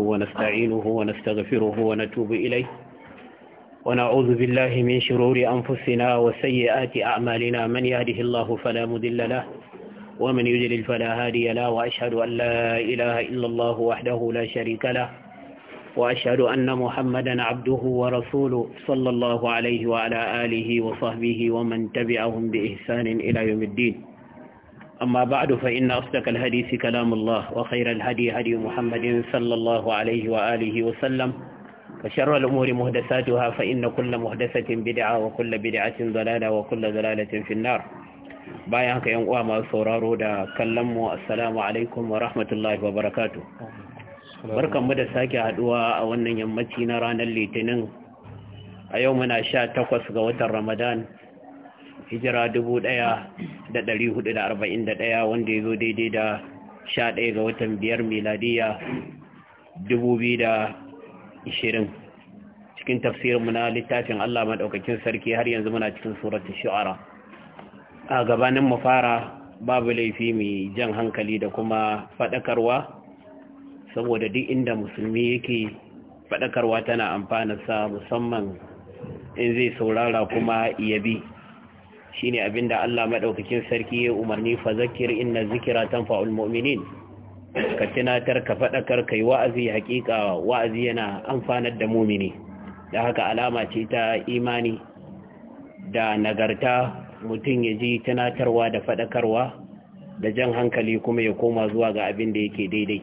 ونستعينه ونستغفره ونتوب إليه ونعوذ بالله من شرور أنفسنا وسيئات أعمالنا من يهده الله فلا مدل له ومن يجلل فلا هادي له وأشهد أن لا إله إلا الله وحده لا شريك له وأشهد أن محمدا عبده ورسوله صلى الله عليه وعلى آله وصحبه ومن تبعهم بإحسان إلى يوم الدين أما بعد فإن أصدق الحديث كلام الله وخير الهدي هدي محمد صلى الله عليه وآله وسلم وشر الأمور مهدساتها فإن كل مهدسة بدعة وكل بدعة ضلالة وكل ضلالة في النار bayan ka uwa masu sauraro da kallonmu assalamu alaikum wa rahmatullahi wa barakatu barkanmu da sake haduwa a wannan yammaci na ranar litinin a yau muna sha takwas ga watan ramadan hijira dubu ɗaya da arba'in ɗaya wanda ya zo daidai da sha ɗaya ga watan biyar miladiya ishirin. cikin tafsirinmu na littafin Allah maɗaukakin sarki har yanzu muna cikin suratun shu'ara a gabanin mu fara babu laifi mai jan hankali da kuma faɗakarwa saboda duk inda musulmi yake faɗakarwa tana amfanarsa musamman in zai saurara kuma yabi shine abinda Allah maɗaukakin sarki ya umarni fa zakir inna zikra tanfa'ul mu'minin ka tunatar ka fadakar kai wa'azi hakika wa'azi yana amfanar da mu'mini da haka alama ce ta imani da nagarta mutum ya ji tunatarwa da fadakarwa da jan hankali kuma ya koma zuwa ga abin da yake daidai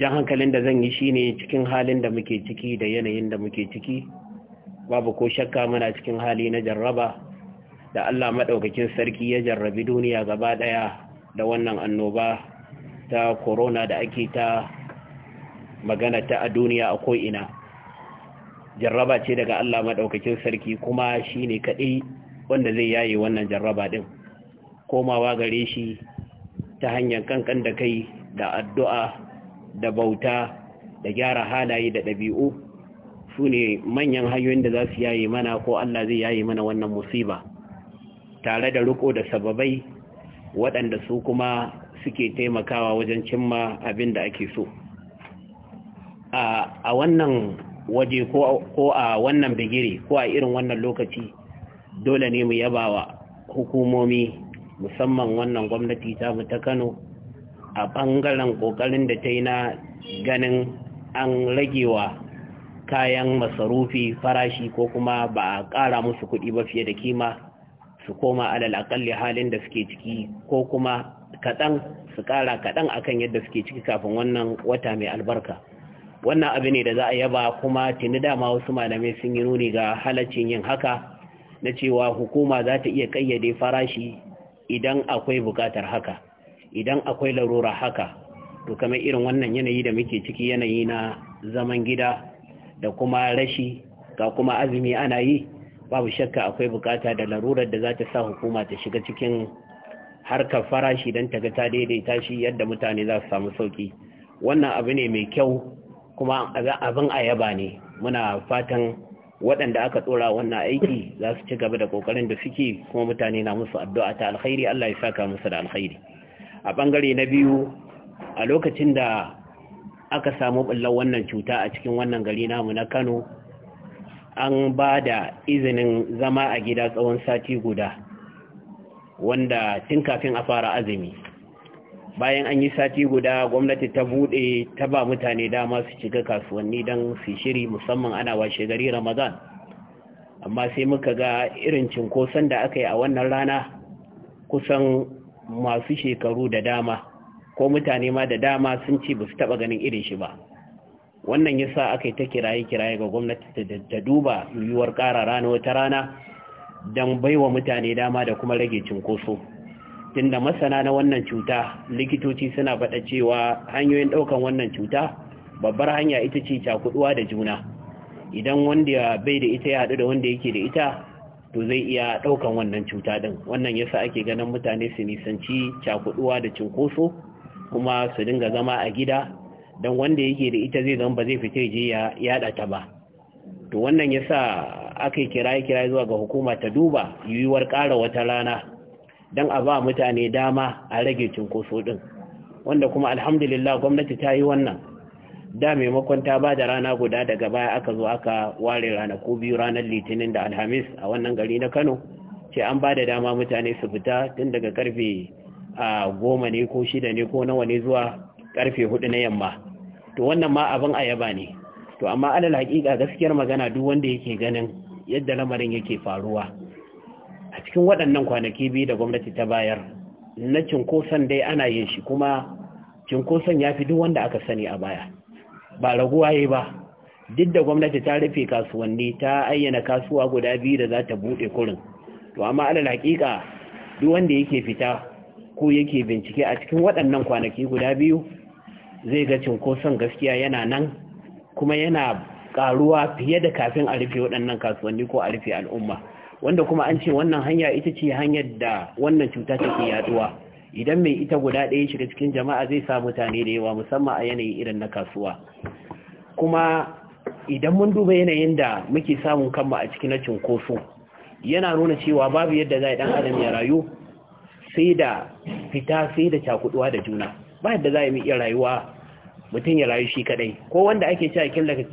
jan hankalin da zan yi shine cikin halin da muke ciki da yanayin da muke ciki babu ko shakka muna cikin hali na jarraba da Allah maɗaukakin sarki ya jarrabi duniya gaba ɗaya da wannan annoba ta corona da ake ta magana ta a duniya a ko'ina jarraba ce daga Allah maɗaukakin sarki kuma shi ne kaɗai wanda zai yaye wannan jarraba ɗin komawa gare shi ta hanyar kankan da kai da addu'a da bauta da gyara halaye da ɗabi'u su ne manyan hanyoyin da za su yaye mana ko Allah zai yaye mana wannan musiba. tare da riko da sababai waɗanda su kuma suke taimakawa wajen cimma abin da ake so a wannan waje ko a wannan bigiri ko a irin wannan lokaci dole ne mu yaba wa hukumomi musamman wannan gwamnati ta mu ta kano a bangaren ƙoƙarin da ta yi na ganin an ragewa kayan masarufi farashi ko kuma ba a ƙara musu kuɗi ba fiye da kima su koma alal akalli halin da suke ciki ko kuma kaɗan su ƙara kaɗan akan yadda suke ciki kafin wannan wata mai albarka wannan abu ne da za a yaba kuma tuni dama wasu malamai sun yi nuni ga halaccin yin haka na cewa hukuma za ta iya ƙayyade farashi idan akwai buƙatar haka idan akwai larura haka to kamar irin wannan yanayi da muke ciki yanayi na zaman gida da kuma rashi ga kuma azumi ana yi babu shakka akwai bukata da larurar da za ta sa hukuma ta shiga cikin harkar farashi don ta ga ta daidaita shi yadda mutane za su samu sauki wannan abu ne mai kyau kuma abin a yaba ne muna fatan waɗanda aka tsora wannan aiki za su ci gaba da ƙoƙarin da suke kuma mutane na musu addu'a ta alkhairi Allah ya saka musu da alkhairi a ɓangare na biyu a lokacin da aka samu ɓullar wannan cuta a cikin wannan gari namu na Kano an ba da izinin zama a gida tsawon sati guda wanda tun kafin a fara azumi bayan an yi sati guda gwamnati ta bude ta ba mutane dama su shiga kasuwanni don su shiri musamman ana washe gari ramadan amma sai muka ga irin cinkoson da aka yi a wannan rana kusan masu shekaru da dama ko mutane ma da dama sun ce ba su taba ganin irin shi ba wannan yasa aka yi ta kiraye-kiraye ga gwamnati da duba yiwuwar ƙara rana wata rana don baiwa mutane dama da kuma rage cinkoso tunda masana na wannan cuta likitoci suna faɗa cewa hanyoyin ɗaukan wannan cuta babbar hanya ita ce cakuɗuwa da juna idan wanda bai da ita ya haɗu da wanda yake da ita to zai iya ɗaukan wannan cuta ɗin wannan yasa ake ganin mutane su nisanci cakuɗuwa da cinkoso kuma su dinga zama a gida don wanda yake da ita zai zama ba zai fice je ya yada ta ba to wannan yasa aka yi kira zuwa ga hukuma ta duba yiwuwar ƙara wata rana don a ba mutane dama a rage cinkoso din wanda kuma alhamdulillah gwamnati ta yi wannan da maimakon ta ba da rana guda daga baya aka zo aka ware rana ranaku biyu ranar litinin da alhamis a wannan gari na kano ce an ba da dama mutane su fita tun daga karfe ah, goma ne ko shida ne ko nawa ne zuwa karfe hudu na yamma to wannan ma abin ayaba ne to amma alal haƙiƙa gaskiyar magana duk wanda yake ganin yadda lamarin yake faruwa a cikin waɗannan kwanaki biyu da gwamnati ta bayar na cinkoson dai ana yin shi kuma cinkoson ya fi duk wanda aka sani a baya ba raguwa yi ba duk da gwamnati ta rufe kasuwanni ta ayyana kasuwa guda biyu da za ta buɗe kurin to amma alal haƙiƙa duk wanda yake fita ko yake bincike a cikin waɗannan kwanaki guda biyu zai ga cinkoson gaskiya yana nan kuma yana karuwa fiye da kafin a rufe waɗannan kasuwanni ko a rufe al'umma wanda kuma an ce wannan hanya ita ce hanyar da wannan cuta take yaduwa idan mai ita guda ɗaya shiga cikin jama'a zai sa mutane da yawa musamman a yanayi irin na kasuwa kuma idan mun duba yanayin da muke samun kanmu a cikin na cinkoso yana nuna cewa babu yadda za a ɗan adam ya rayu sai da fita sai da cakuɗuwa da juna ba yadda za a yi iya rayuwa mutum ya rayu shi kadai ko wanda ake cewa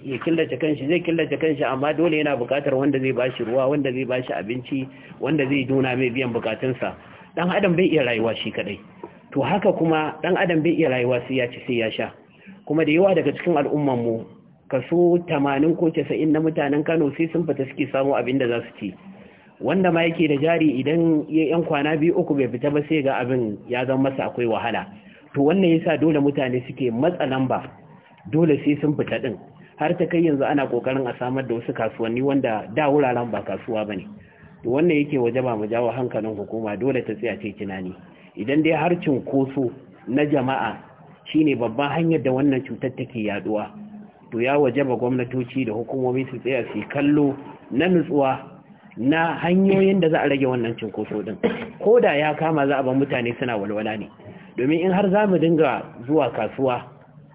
ya killace kanshi zai killace kanshi amma dole yana bukatar wanda zai bashi ruwa wanda zai bashi abinci wanda zai duna mai biyan bukatunsa dan adam bai iya rayuwa shi kadai to haka kuma dan adam bai iya rayuwa sai ya ci sai ya sha kuma da yawa daga cikin al'umman mu kaso 80 ko 90 na mutanen Kano sai sun fita suke samu abin da za su ci wanda ma yake da jari idan yan kwana biyu uku bai fita ba sai ga abin ya zama masa akwai wahala to wannan yasa dole mutane suke matsa lamba dole sai sun fita din har ta kai yanzu ana kokarin a samar da wasu kasuwanni wanda da wuraren ba kasuwa bane to wannan yake waje ba mu jawo hankalin hukuma dole ta tsaya ce tunani idan dai har cinkoso na jama'a shine babban hanyar da wannan cutar take yaduwa to ya waje ba gwamnatoci da hukumomi su tsaya su kallo na nutsuwa na hanyoyin da za a rage wannan cinkoso din ko da ya kama za a ba mutane suna walwala ne domin in har za mu dinga zuwa kasuwa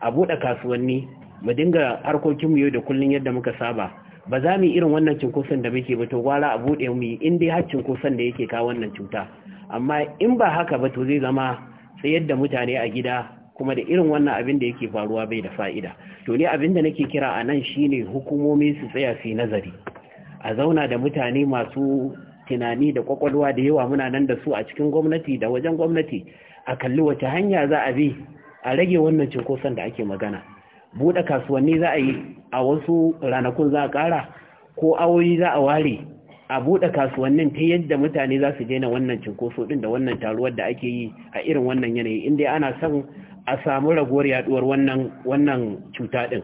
a buɗe kasuwanni mu dinga mu yau da kullun yadda muka saba ba za mu irin wannan cinkoson da muke ba to gwara a buɗe mu in dai har cinkoson da yake kawo wannan cuta amma in ba haka ba to zai zama sai yadda mutane a gida kuma da irin wannan abin da yake faruwa bai da fa'ida to ne abin da nake kira a nan shine hukumomi su tsaya su nazari a zauna da mutane masu tunani da kwakwalwa da yawa muna nan da su a cikin gwamnati da wajen gwamnati a kalli wace hanya za a bi a rage wannan cinkoson da ake magana buɗe kasuwanni za a yi a wasu ranakun za a ƙara ko awoyi za a ware a buɗe kasuwannin ta yadda mutane za su daina wannan cinkoso ɗin da wannan taruwar da ake yi a irin wannan yanayi inda ana son a samu raguwar yaduwar wannan wannan cuta ɗin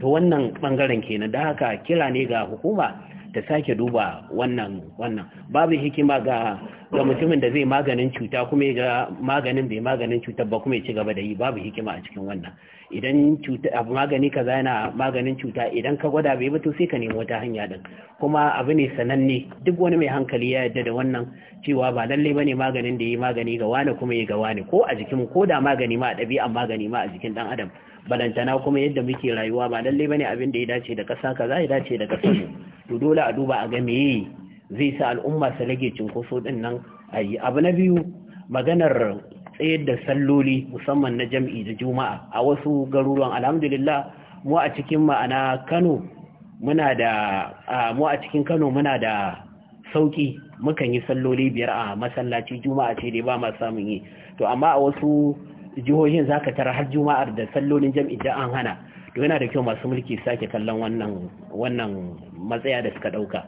to wannan ɓangaren kenan da haka kira ne ga hukuma ta sake duba wannan wannan babu hikima ga ga mutumin da zai maganin cuta kuma ya ga maganin bai maganin cutar ba kuma ya ci gaba da yi babu hikima a cikin wannan idan cuta magani kaza yana maganin cuta idan ka gwada bai bato sai ka nemi wata hanya din kuma abu ne sananne duk wani mai hankali ya yarda da wannan cewa ba lalle bane maganin da yi magani ga wani kuma ya ga wani ko a jikin ko da magani ma a ɗabi'a magani ma a jikin dan adam balantana kuma yadda muke rayuwa ba lalle bane abin da ya dace da ƙasa kaza ya dace da ƙasa to dole a duba a ga meye zai sa al'umma su rage cinkoso din nan a yi abu na biyu maganar tsayar da salloli musamman na jam'i da juma'a a wasu garuruwan alhamdulillah mu a cikin ma'ana kano muna da mu a cikin kano muna da sauki mukan yi salloli biyar a masallaci juma'a ce dai ba ma samun yi to amma a wasu jihohin zaka tara har juma'ar da sallolin jam'i da an hana to yana da kyau masu mulki sake kallon wannan matsaya da suka dauka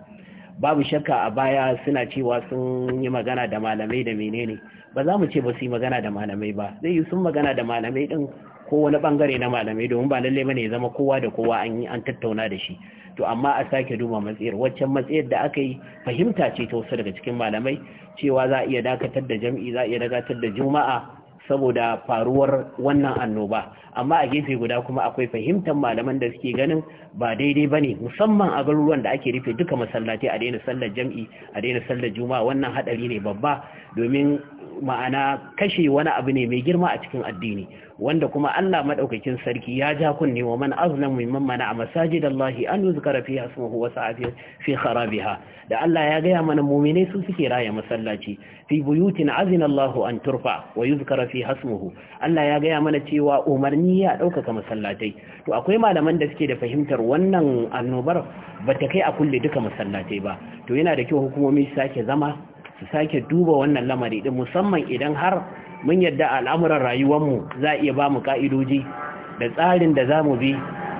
babu shakka a baya suna cewa sun yi magana da malamai da menene ba za mu ce ba su yi magana da malamai ba zai yi sun magana da malamai din ko wani bangare na malamai domin ba lalle bane ya zama kowa da kowa an yi an tattauna da shi to amma a sake duba matsayar waccan matsayar da aka yi fahimta ce ta wasu daga cikin malamai cewa za a iya dakatar da jam'i za a iya dakatar da juma'a saboda faruwar wannan annoba amma a gefe guda kuma akwai fahimtar malaman da suke ganin ba daidai bane musamman a garuruwan da ake rufe duka masallatai a daina sallar jam'i a daina sallar juma'a wannan hadari ne babba domin ma'ana kashe wani abu ne mai girma a cikin addini wanda kuma Allah madaukakin sarki ya ja kunne wa man azlamu mimman mana a masajidallahi an yuzkara fi ismuhu wa sa'afi fi kharabiha da Allah ya gaya mana mu'minai su suke raya masallaci fi buyutin azina Allahu an turfa wa yuzkara fi ismuhu Allah ya gaya mana cewa umarni ya ɗaukaka masallatai to akwai malaman da suke da fahimtar wannan annobar bata kai a kulle duka masallatai ba to yana da kyau hukumomi sake zama su sake duba wannan lamari din musamman idan har mun yadda al'amuran rayuwar mu za a iya ba mu ka'idoji da tsarin da za mu bi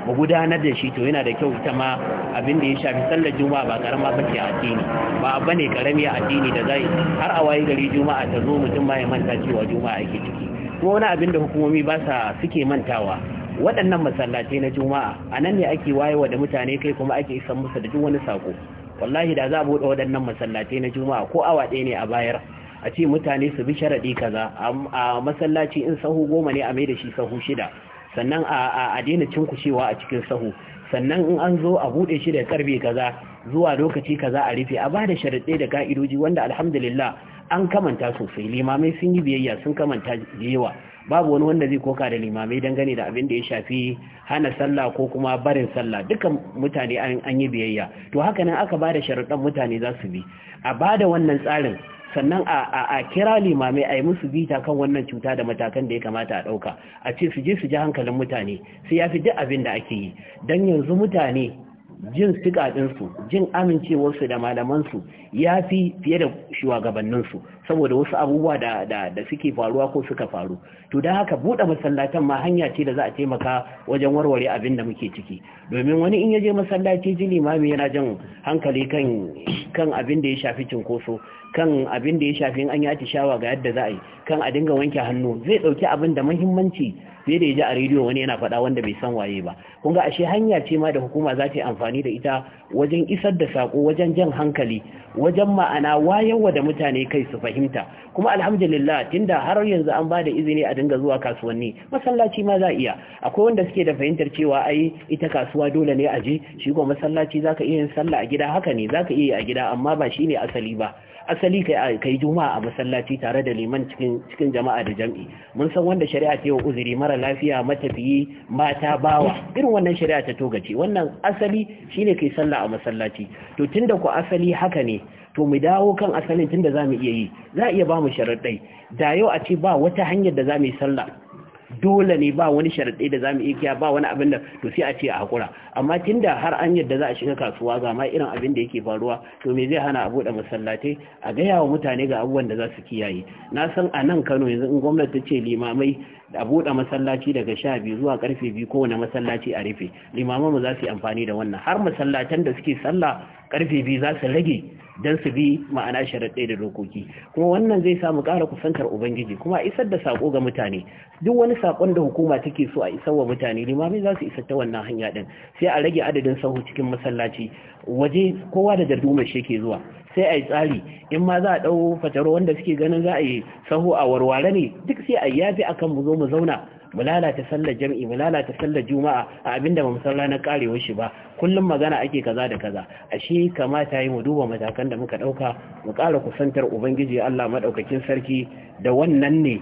mu gudanar da shi to yana da kyau ita ma abin da ya shafi sallar juma'a ba karama ba a addini ba abba ne karami addini da zai har a wayi gari juma'a ta zo mutum ma ya manta cewa juma'a yake ciki kuma wani abin da hukumomi ba sa suke mantawa waɗannan masallatai na juma'a a nan ne ake wayewa da mutane kai kuma ake isan musu da duk wani sako wallahi da za a buɗe waɗannan masallatai na juma'a ko awa ɗaya ne a bayar a ce mutane su bi sharaɗi kaza a masallaci in sahu goma ne a mai da shi sahu shida sannan a daina cinkushewa a cikin sahu sannan in an zo a buɗe shi da karfe kaza zuwa lokaci kaza a rufe a ba da sharaɗe da ka'idoji wanda alhamdulillah an kamanta sosai limamai sun yi biyayya sun kamanta da yawa babu wani wanda zai koka da limamai dangane da abin da ya shafi hana sallah ko kuma barin sallah Duka mutane an yi biyayya to haka nan aka bada sharuɗan mutane za su bi a bada wannan tsarin sannan a kira limamai a yi musu bita kan wannan cuta da matakan da ya kamata a ɗauka a ce su je su ji hankalin mutane sai ya fi duk abin da ake yi don yanzu mutane jin sikaɗinsu jin amincewarsu da malamansu ya fi fiye da shugabanninsu saboda wasu abubuwa da suke faruwa ko suka faru to da haka buɗe masallatan ma hanya ce da za a taimaka wajen warware abin da muke ciki domin wani in ya je masallaci ji limami yana jan hankali kan abin da ya shafi cinkoso kan abin da ya shafi an yi atishawa ga yadda za a yi kan a dinga wanke hannu zai ɗauki abin da muhimmanci fiye da ya ji a rediyo wani yana faɗa wanda bai san waye ba kun ga ashe hanya ce ma da hukuma za ta yi amfani amfani da ita wajen isar da sako wajen jan hankali wajen ma'ana wayewa da mutane kai su fahimta kuma alhamdulillah tunda har yanzu an bada izini a dinga zuwa kasuwanni masallaci ma za iya akwai wanda suke da fahimtar cewa ai ita kasuwa dole ne a je shi ko masallaci zaka iya yin sallah a gida haka ne zaka iya yi a gida amma ba shine asali ba asali ka yi juma'a a masallaci tare da liman cikin jama'a da jam'i mun san wanda shari'a ta yi wa uzuri mara lafiya matafiyi mata bawa irin wannan shari'a ta togace wannan asali shine kai sallah a masallaci to tunda ku asali haka ne to mu dawo kan asalin tunda za mu iya yi za a iya ba mu sharaɗai da yau a ce ba wata hanyar da za mu yi sallah dole ne ba wani sharaɗe da zamu iya kiya ba wani abin da to sai a ce a hakura amma tunda har an yadda za a shiga kasuwa ga ma irin abin da yake faruwa to me zai hana a buɗe masallatai a gaya wa mutane ga abubuwan da za su kiyaye na san a nan Kano yanzu in gwamnati ta ce limamai a buɗe masallaci daga sha biyu zuwa karfe biyu kowane masallaci a rufe limamanmu za su yi amfani da wannan har masallatan da suke sallah karfe biyu za su rage don su bi ma'ana sharaɗe da dokoki kuma wannan zai samu ƙara kusantar ubangiji kuma a isar da saƙo ga mutane duk wani saƙon da hukuma take so a isar wa mutane limamai za su isar ta wannan hanya ɗin sai a rage adadin sahu cikin masallaci waje kowa da dardumar shi ke zuwa sai a yi tsari in ma za a ɗau fataro wanda suke ganin za a yi sahu a warware ne duk sai a yi yafi akan mu zo mu zauna mu lalata sallar jami'i mu lalata sallar juma'a a abinda mu san na karewa shi ba kullum magana ake kaza da kaza ashe kamata yi mu duba matakan da muka dauka mu kara kusantar ubangiji Allah madaukakin sarki da wannan ne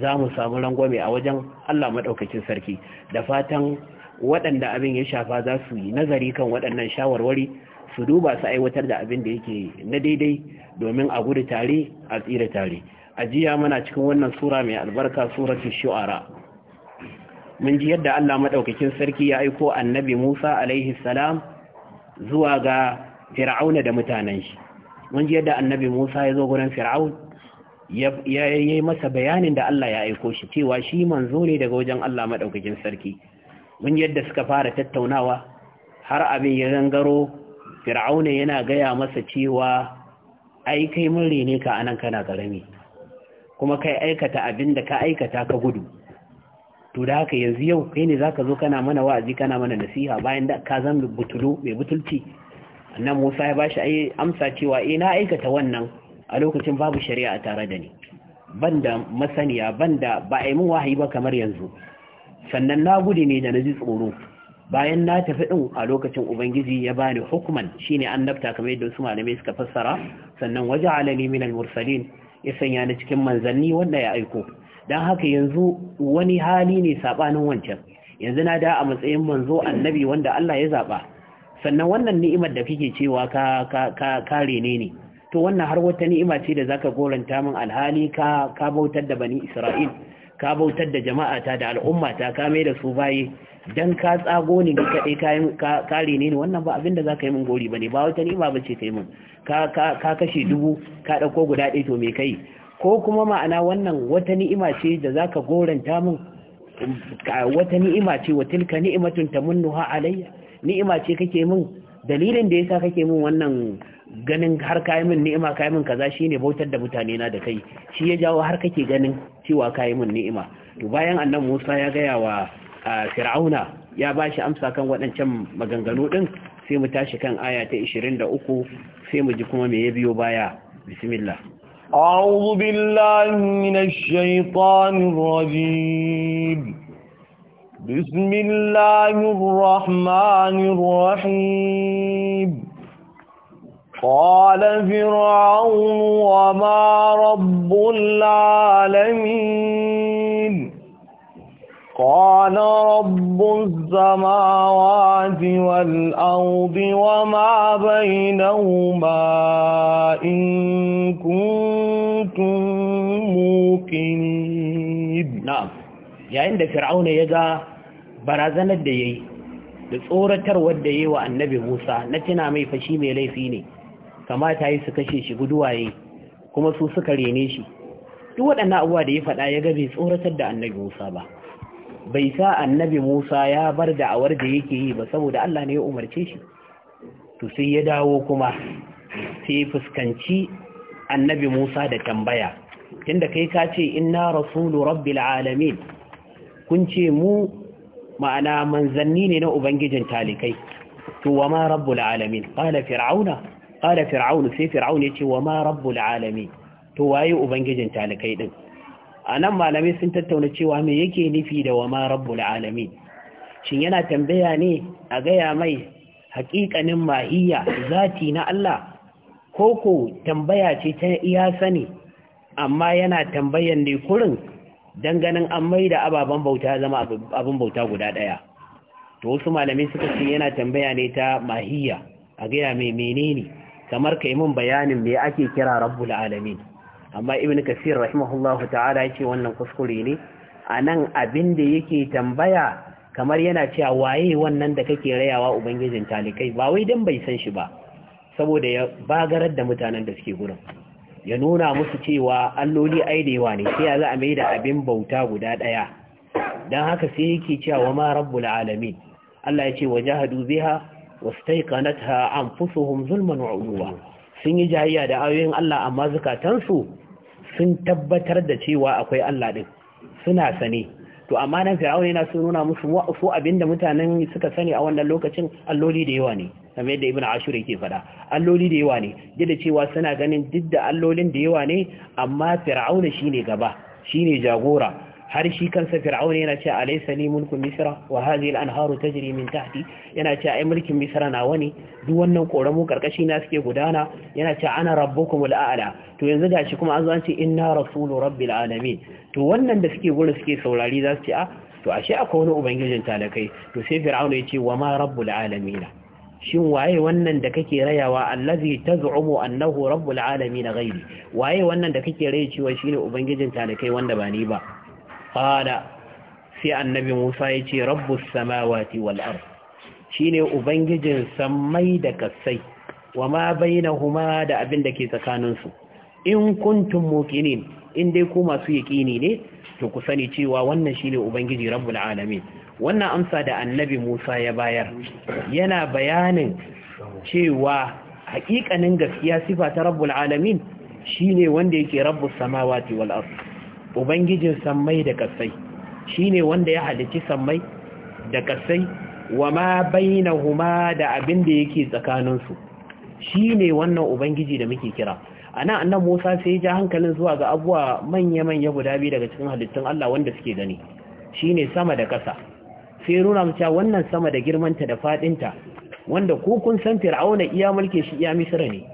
za mu samu rangwame a wajen Allah madaukakin sarki da fatan waɗanda abin ya shafa za su yi nazari kan waɗannan shawarwari su duba su aiwatar da abin da yake na daidai domin a gudu tare a tsira tare ajiya muna cikin wannan sura mai albarka suratul shu'ara mun ji yadda Allah maɗaukakin sarki ya aiko annabi Musa alaihi salam zuwa ga Fir'auna da mutanen shi mun ji yadda annabi Musa ya zo gurin Fir'aun ya yi masa bayanin da Allah ya aiko shi cewa shi manzo ne daga wajen Allah maɗaukakin sarki mun ji yadda suka fara tattaunawa har abin ya gangaro Fir'auna yana gaya masa cewa ai kai mun rene ka anan kana karami kuma kai aikata abin da ka aikata ka gudu to da haka yanzu yau kai ne zaka zo kana mana wa'azi kana mana nasiha bayan da ka zan butulu mai butulci annan Musa ya bashi ai amsa cewa eh na aikata wannan a lokacin babu shari'a tare da ni banda masaniya banda ba a yi min wahayi ba kamar yanzu sannan na gudu ne da na ji tsoro bayan na tafi din a lokacin ubangiji ya bani hukuman shine annabta kamar yadda su malamai suka fassara sannan waje alani minal mursalin ya sanya ni cikin manzanni wanda ya aiko don haka yanzu wani hali ne saɓanin wancan yanzu na da a matsayin manzo annabi wanda Allah ya zaɓa sannan wannan ni'imar da kike cewa ka ka ka rene ne to wannan har wata ni'ima ce da zaka goranta min alhali ka ka bautar da bani Isra'il ka bautar da jama'ata da al'ummata ka mai da su baye dan ka tsago ne kadai kayan kare ne wannan ba abinda za ka yi min gori ba ba wata ni'ima ba ce ta yi min ka kashe dubu ka dauko guda ɗaya to me kai ko kuma ma'ana wannan wata ni'ima ce da za ka goranta min wata ni'ima ce wa tilka ni'matun tamunnuha alayya ni'ima ce kake min dalilin da yasa kake min wannan ganin har kai min ni'ima kai min kaza shine bautar da mutane na da kai shi ya jawo har kake ganin cewa kai min ni'ima to bayan annabi Musa ya gaya wa Fir'auna ya bashi amsa kan waɗancan maganganu ɗin? sai mu tashi kan aya ta 23 sai mu ji kuma me ya biyo baya bismillah أعوذ بالله من الشيطان الرجيم بسم الله الرحمن الرحيم قال فرعون وما رب العالمين قال رب السماوات والأرض وما بينهما إن كنت muqin na'am yayin da fir'auna ya ga barazanar da yayi da tsoratar wanda yayi wa annabi Musa na tana mai fashi mai laifi ne kamata yi su kashe shi guduwaye kuma su suka rene shi duk waɗannan abuwa da ya faɗa ya ga bai tsoratar da annabi Musa ba bai sa annabi Musa ya bar da awar da yake yi ba saboda Allah ne ya umarce shi to sai ya dawo kuma sai fuskanci annabi Musa da tambaya tunda kai ka ce inna rasulu rabbil alamin kun ce mu ma'ana manzanni ne na ubangijin talikai to wa ma rabbul alamin qala fir'auna qala Fir'auna sai Fir'auna ya ce wa ma rabbul alamin to waye ubangijin talikai din anan malamai sun tattauna cewa me yake nufi da wa ma rabbul alamin shin yana tambaya ne a gaya mai haƙiƙanin mahiyya zati na Allah koko tambaya ce ta iya sani amma yana tambayan ne kurin dan ganin an da ababen bauta zama abin bauta guda ɗaya. to wasu malamai suka ce yana tambaya ne ta mahiya a gaya mai menene kamar ka yi min bayanin me ake kira rabbul alamin amma ibn kasir rahimahullahu ta'ala ya ce wannan kuskure ne a nan abin da yake tambaya kamar yana cewa waye wannan da kake rayawa ubangijin talikai ba wai dan bai san shi ba saboda ya bagarar da mutanen da suke gurin ya nuna musu cewa alloli aidewa ne sai ya za a mai da abin bauta guda ɗaya don haka sai yake cewa wa ma rabbul alamin Allah ya ce wa jahadu biha wastaiqanatha anfusuhum zulman wa uluwa sun yi jayya da ayoyin Allah amma zukatansu sun tabbatar da cewa akwai Allah din suna sane to amma nan fir'aun yana so nuna musu su abinda mutanen suka sani a wannan lokacin alloli da yawa ne kamar yadda ibnu ashur yake faɗa alloli da yawa ne da cewa suna ganin duk da allolin da yawa ne amma fir'aun shine gaba shine jagora har shi kansa fir'aun yana ce alaysa li mulku misra wa hadhihi al-anharu tajri min tahti yana ce ai mulkin misra na wani? duk wannan koramu karkashi na suke gudana yana ce ana rabbukumul a'la to yanzu gashi kuma an zo an ce inna rasulu rabbil alamin to wannan da suke gurin suke saurari za su ce a ah, to ashe akwai wani ubangijin talakai to sai fir'aun ya ce wa ma rabbul alamin shin waye wannan da kake rayawa allazi taz'umu annahu rabbul alamin ghairi waye wannan da kake rayi cewa shine ubangijin talakai wanda ba ni ba qala sai annabi Musa ya ce rabbus samawati wal ard shine ubangijin samai da kasai wa ma bainahuma da abin da ke tsakanin su in kuntum muqinin in dai ku masu yaqini ne to ku sani cewa wannan shine ubangiji rabbul alamin wannan amsa da annabi Musa ya bayar yana bayanin cewa hakikanin gaskiya sifa ta rabbul alamin shine wanda yake rabbus samawati wal ard ubangijin sammai da kasai shine wanda ya halici sammai da kasai wa ma bainahuma da abin da yake tsakaninsu shine wannan ubangiji da muke kira ana annan Musa sai ya ja hankalin zuwa ga abuwa manya-manya guda biyu daga cikin halittun Allah wanda suke gani shine sama da kasa sai nuna mu cewa wannan sama da girmanta da fadinta wanda ko kun san Fir'auna iya mulke shi iya Misra ne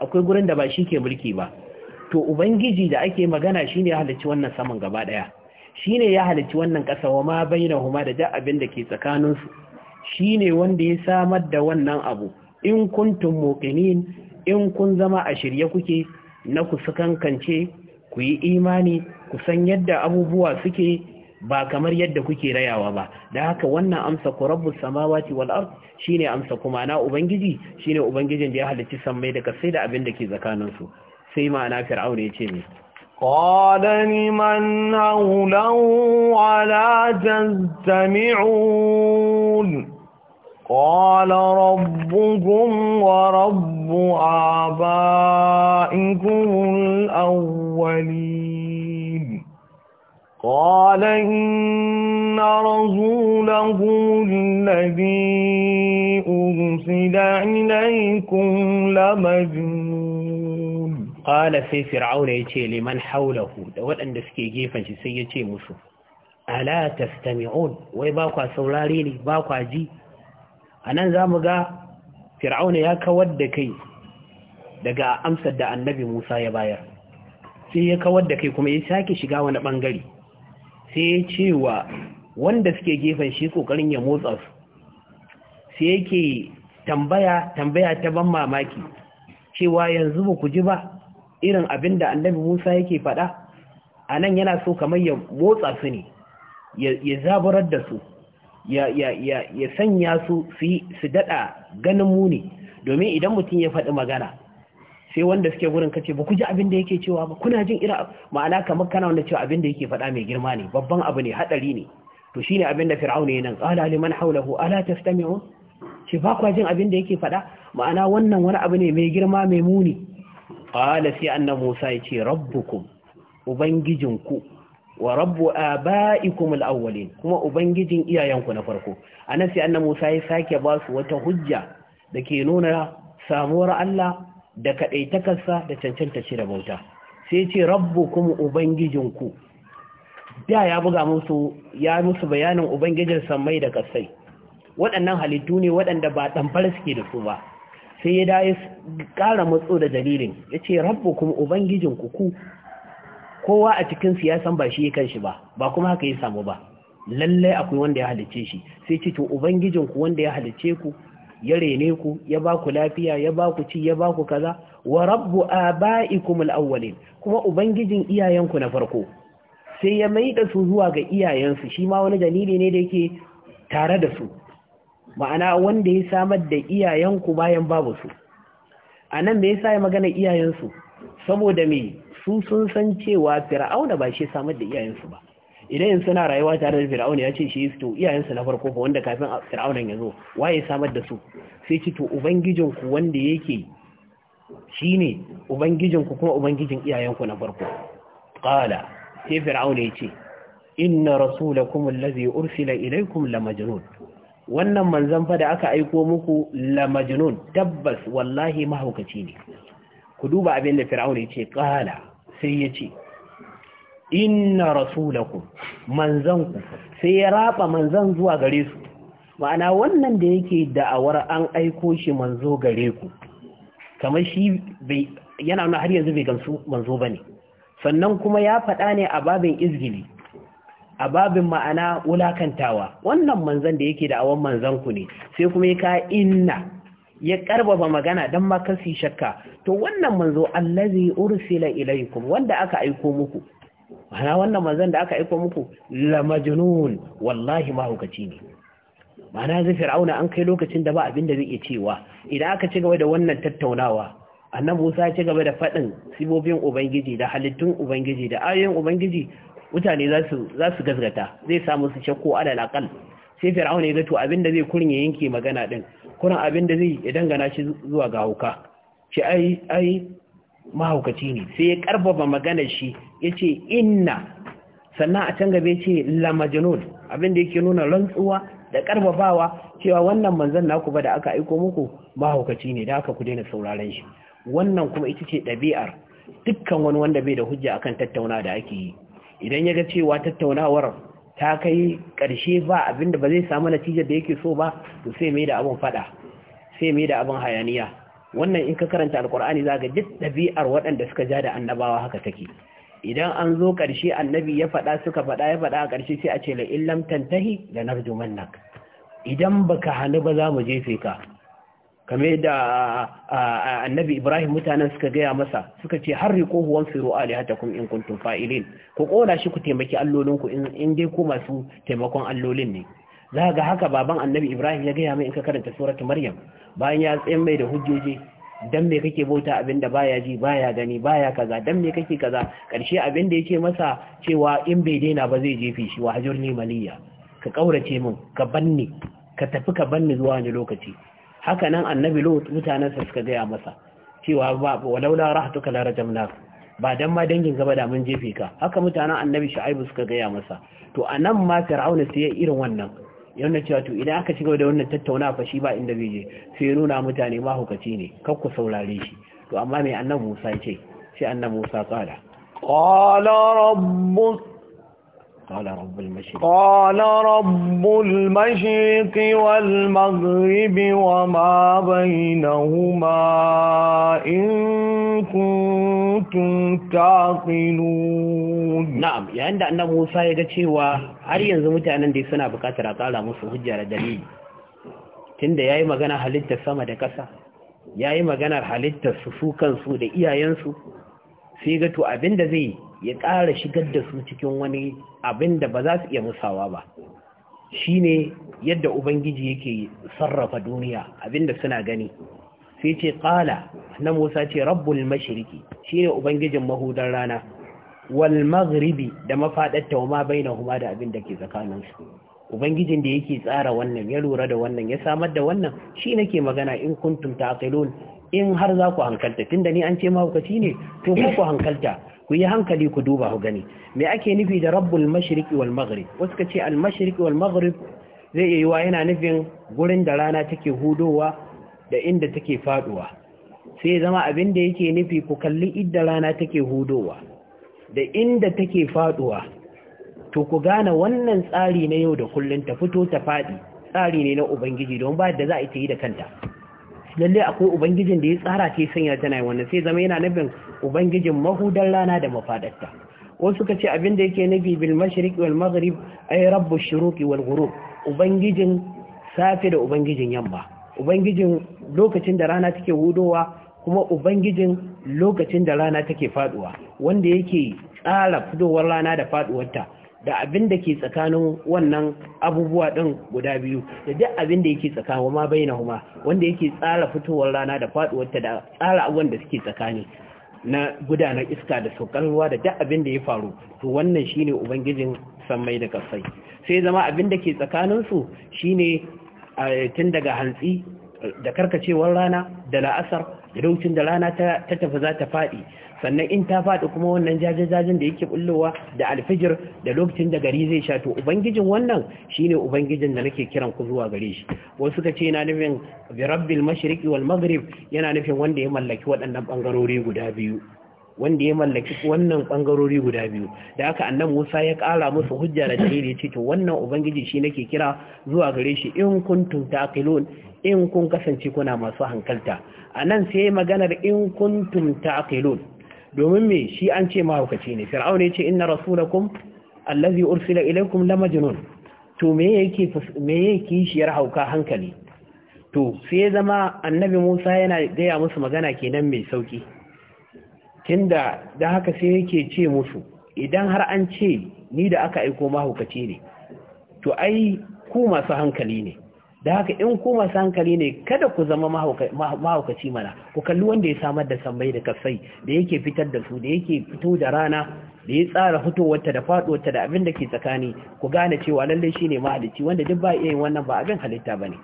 akwai gurin da ba shi ke mulki ba to ubangiji da ake magana shine ya halarci wannan saman gaba daya shine ya halarci wannan ƙasa wa ma bainahuma da da abin da ke tsakanin su shine wanda ya samar da wannan abu in kuntum muqinin in kun zama a shirye kuke na ku sukankance ku yi imani ku san yadda abubuwa suke ba kamar yadda kuke rayawa ba da haka wannan amsa ku rabbus samawati wal ard shine amsa kuma na ubangiji shine ubangijin da ya halarci sammai da kasai da abin da ke tsakanin sai ma'ana fir'aun ya ce قال لمن حوله على تستمعون قال ربكم ورب آبائكم الأولين قال إن رسولكم الذي أرسل إليكم لمجنون ƙala sai fir'auna yace ce liman haulahu da waɗanda suke gefen shi sai yace musu ala tastami'un wai ba kwa saurare ne ba kwa ji anan zamu ga fir'auna ya kawar da kai daga amsar da annabi musa ya bayar sai ya kawar da kai kuma ya sake shiga wani bangare sai ya ce wanda suke gefen shi ƙoƙarin ya motsa su sai yake tambaya tambaya ta ban mamaki cewa yanzu ba ku ji ba irin abin da annabi Musa yake faɗa a nan yana so kamar ya motsa su ne ya zaburar da su ya sanya su su daɗa ganin muni domin idan mutum ya faɗi magana sai wanda suke wurin kace ba ku ji abin da yake cewa ba kuna jin ira ma'ana kamar kana wanda cewa abin da yake faɗa mai girma ne babban abu ne haɗari ne to shine abin da fir'aun ne nan qala liman hawlahu ala tastami'un shi ba ku jin abin da yake faɗa ma'ana wannan wani abu ne mai girma mai muni qala sai annabi Musa yace rabbukum ubangijinku wa rabbu abaikum al kuma ubangijin iyayenku na farko anan sai annabi Musa ya sake ba su wata hujja dake nuna samuwar Allah da kadaitakarsa da cancanta shi da bauta sai ce rabbukum ubangijinku da ya buga musu ya musu bayanin ubangijin samai da kasai waɗannan halittu ne waɗanda ba ɗanfar suke da su ba sai ya dawo ƙara matso da dalilin ya ce rabbukum Ubangijin ku kowa a cikin siyasan ba shi ya shi ba ba kuma haka ya samu ba lallai akwai wanda ya halice shi sai ce to ku wanda ya halice ku ya rene ku ya ba ku lafiya ya ba ku ci ya ba ku kaza wa rabbu aba'ikum al kuma ubangijin iyayenku na farko sai ya maida su zuwa ga iyayensu shi ma wani dalili ne da yake tare da su ma'ana wanda ya samar da iyayenku bayan babu su a nan me yasa ya magana iyayensu saboda me su sun san cewa fir'auna ba shi samar da iyayensu ba idan suna rayuwa tare da fir'auna ya ce shi to iyayensu na farko ba wanda kafin fir'auna ya zo waye samar da su sai ce to ubangijinku wanda yake shine ubangijinku kuma ubangijin iyayenku na farko qala sai fir'auna ya ce inna rasulakum allazi ursila ilaykum la majnun wannan manzan fa da aka aiko muku la majnun tabbas wallahi mahaukaci ne ku duba abin da fir'aun ya ce qala sai ya ce inna rasulakum manzan ku sai ya raba manzan zuwa gare su ma'ana wannan da yake da'awar an aiko shi manzo gare ku kamar shi yana nuna har yanzu bai gamsu manzo bane sannan kuma ya faɗa ne a babin izgili a babin ma'ana wulakantawa wannan manzan da yake da awon manzan ku ne sai kuma ya ka inna ya karbaba magana dan ma shakka to wannan manzo allazi ursila ilaikum wanda aka aiko muku ma'ana wannan manzan da aka aiko muku la majnun wallahi ma hukaci ne ma'ana zai fir'auna an kai lokacin da ba abin da zai iya cewa idan aka ci gaba da wannan tattaunawa annabi Musa ya ci gaba da faɗin sibobin Ubangiji da halittun Ubangiji da ayoyin Ubangiji mutane za su gazgata zai samu su shakko alal aqal sai fir'auna ya ga to abinda zai ya yanke magana din kuran abinda zai ya dangana shi zuwa ga hauka shi ai ai mahaukaci ne sai ya karbaba maganar shi yace inna sannan a can gaba yace la majnun abinda yake nuna rantsuwa da karbabawa cewa wannan manzon naku ba da aka aiko muku mahaukaci ne da aka ku daina sauraron shi wannan kuma ita ce ɗabi'ar dukkan wani wanda bai da hujja akan tattauna da ake yi idan ya ga cewa tattaunawar ta kai ƙarshe ba abinda ba zai samu natijar da yake so ba to sai mai da abin fada sai mai da abin hayaniya wannan in ka karanta alkur'ani za ga duk ɗabi'ar waɗanda suka ja da annabawa haka take idan an zo ƙarshe annabi ya faɗa suka faɗa ya faɗa a ƙarshe sai a ce la illam tantahi la narjumannak idan baka hannu ba za mu jefe ka kame da annabi ibrahim mutanen suka gaya masa suka ce har riko huwan firu alihatakum in kuntum fa'ilin ku kona shi ku taimaki allolin ku in dai ku masu taimakon allolin ne za ga haka baban annabi ibrahim ya gaya mai in ka karanta suratu maryam bayan ya tsaye mai da hujjoji dan me kake bauta abinda baya ji baya gani baya kaza dan me kake kaza karshe abinda yake masa cewa in bai daina ba zai jefe shi wa hajurni maliya ka kaurace min ka banni ka tafi ka banni zuwa wani lokaci haka nan annabi lut mutanensa suka gaya masa cewa ba walaula rahatuka la rajamna ba dan ma dangin gaba da mun jefe ka haka mutanen annabi shu'aibu suka gaya masa to anan ma fir'aun sai ya irin wannan yana cewa to idan aka shiga da wannan tattauna fa shi ba inda bai je sai ya nuna mutane ma hukaci ne kar ku saurare shi to amma mai annabi Musa ya ce sai annabi Musa kada qala rabbus قال magaribiwa المشرق قال رب المشرق والمغرب وما بينهما إن كنتم تعقلون نعم يعني أن موسى يقول har yanzu mutanen da suna bukatar a kala musu hujja da dalili tunda yayi magana halittar sama da ƙasa yayi maganar halittar su kansu da iyayensu sai ga abin da zai ya ƙara shigar da su cikin wani abin da ba za su iya musawa ba shi ne yadda ubangiji yake sarrafa duniya abin da suna gani sai ce ƙala na musa ce rabbul mashiriki shi ne ubangijin mahudan rana wal maghribi da mafaɗatta wa bai na huma da abin da ke tsakaninsu ubangijin da yake tsara wannan ya lura da wannan ya samar da wannan shi nake magana in kuntum taqilun in har za ku hankalta tunda ni an ce mahaukaci ne to ku hankalta ku yi hankali ku duba ku gani me ake nufi da rabbul mashriqi wal maghrib wasu kace ce al mashriqi wal maghrib zai iya wa yana nufin gurin da rana take hudowa da inda take faduwa sai zama abin da yake nufi ku kalli idda rana take hudowa da inda take faduwa to ku gane wannan tsari na yau da kullun ta fito ta fadi tsari ne na ubangiji don ba da za a yi da kanta lalle akwai ubangijin da ya tsara ce sanya tana yi wannan sai zama yana nufin ubangijin mahudan rana da mafadarta wasu suka ce abin da yake nufi bil mashriq wal maghrib ay rabbu shuruqi wal ghurub ubangijin safe da ubangijin yamma ubangijin lokacin da rana take hudowa kuma ubangijin lokacin da rana take faduwa wanda yake tsara fidowar rana da faduwarta da abin da ke tsakanin wannan abubuwa ɗin guda biyu da duk abin da yake tsakanin ma bai na huma wanda yake tsara fitowar rana da ta, da tsara abin da suke tsakani na gudanar iska da saukar ruwa da duk abin da ya faru to wannan shine ubangijin sammai da kasai sai zama abin da ke su shine eh, tun daga hantsi da karkacewar rana da la'asar da lokacin da rana ta tafi za ta faɗi sannan in ta faɗi kuma wannan jajajajin da yake bullowa da alfijir da lokacin da gari zai sha to ubangijin wannan shine ubangijin da nake kiran ku zuwa gare shi wasu suka ce yana nufin bi rabbil mashriqi wal maghrib yana nufin wanda ya mallaki waɗannan bangarori guda biyu wanda ya mallaki wannan bangarori guda biyu da haka annan Musa ya kara musu hujja da dalili ya ce to wannan ubangiji shi nake kira zuwa gare shi in kuntum taqilun in kun kasance kuna masu hankalta anan sai maganar in kuntum taqilun domin me shi an ce mahaukaci ne fir'aun yace ce inna rasulakum allazi ursila ilaykum la majnun to me yake me yake shi ya hauka hankali to sai ya zama annabi Musa yana gaya musu magana kenan mai sauki tunda da haka sai yake ce musu idan har an ce ni da aka aiko mahaukaci ne to ai ku masu hankali ne da haka in ku masu hankali ne kada ku zama mahaukaci mana ku kalli wanda ya samar da sambai da kasai da yake fitar da su da yake fito da rana da ya tsara fitowarta da faduwarta da abin da ke tsakani ku gane cewa lalle ne mahalicci wanda duk ba iya yin wannan ba abin halitta ba ne.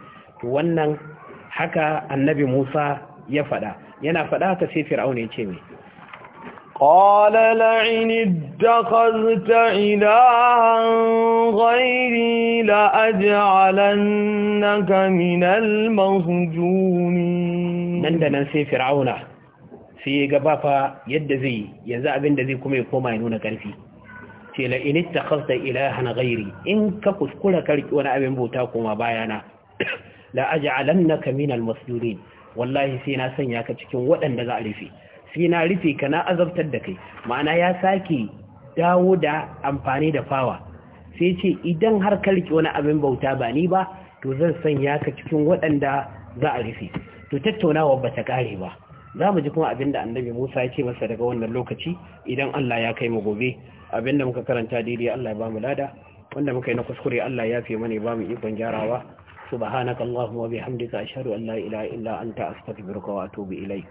to wannan haka annabi Musa ya faɗa yana faɗa haka sai Fir'auna ya ce mai قال لئن اتخذت إلها غيري لأجعلنك من المهجونين nan da nan sai fir'auna sai ya gaba yadda zai yanzu abin da zai kuma koma ya nuna ƙarfi ce la'in da ilahan ghairi in ka kuskura karki wani abin bauta koma bayana la aj'alannaka min al-masjurin wallahi sai na sanya ka cikin waɗanda za a rufe sai na rufe ka na azabtar da kai ma'ana ya sake dawo da amfani da fawa sai ce idan har ka rike wani abin bauta ba ni ba to zan sanya ka cikin waɗanda za a rufe to tattaunawa ba ta kare ba za mu ji kuma abin da annabi musa ya ce masa daga wannan lokaci idan allah ya kai mu gobe abin da muka karanta daidai allah ya ba mu lada wanda muka yi na kuskure allah ya fi mana ba mu ikon gyarawa subhanakallahumma wa bihamdika ashhadu an la ilaha illa anta astaghfiruka wa atubu ilayk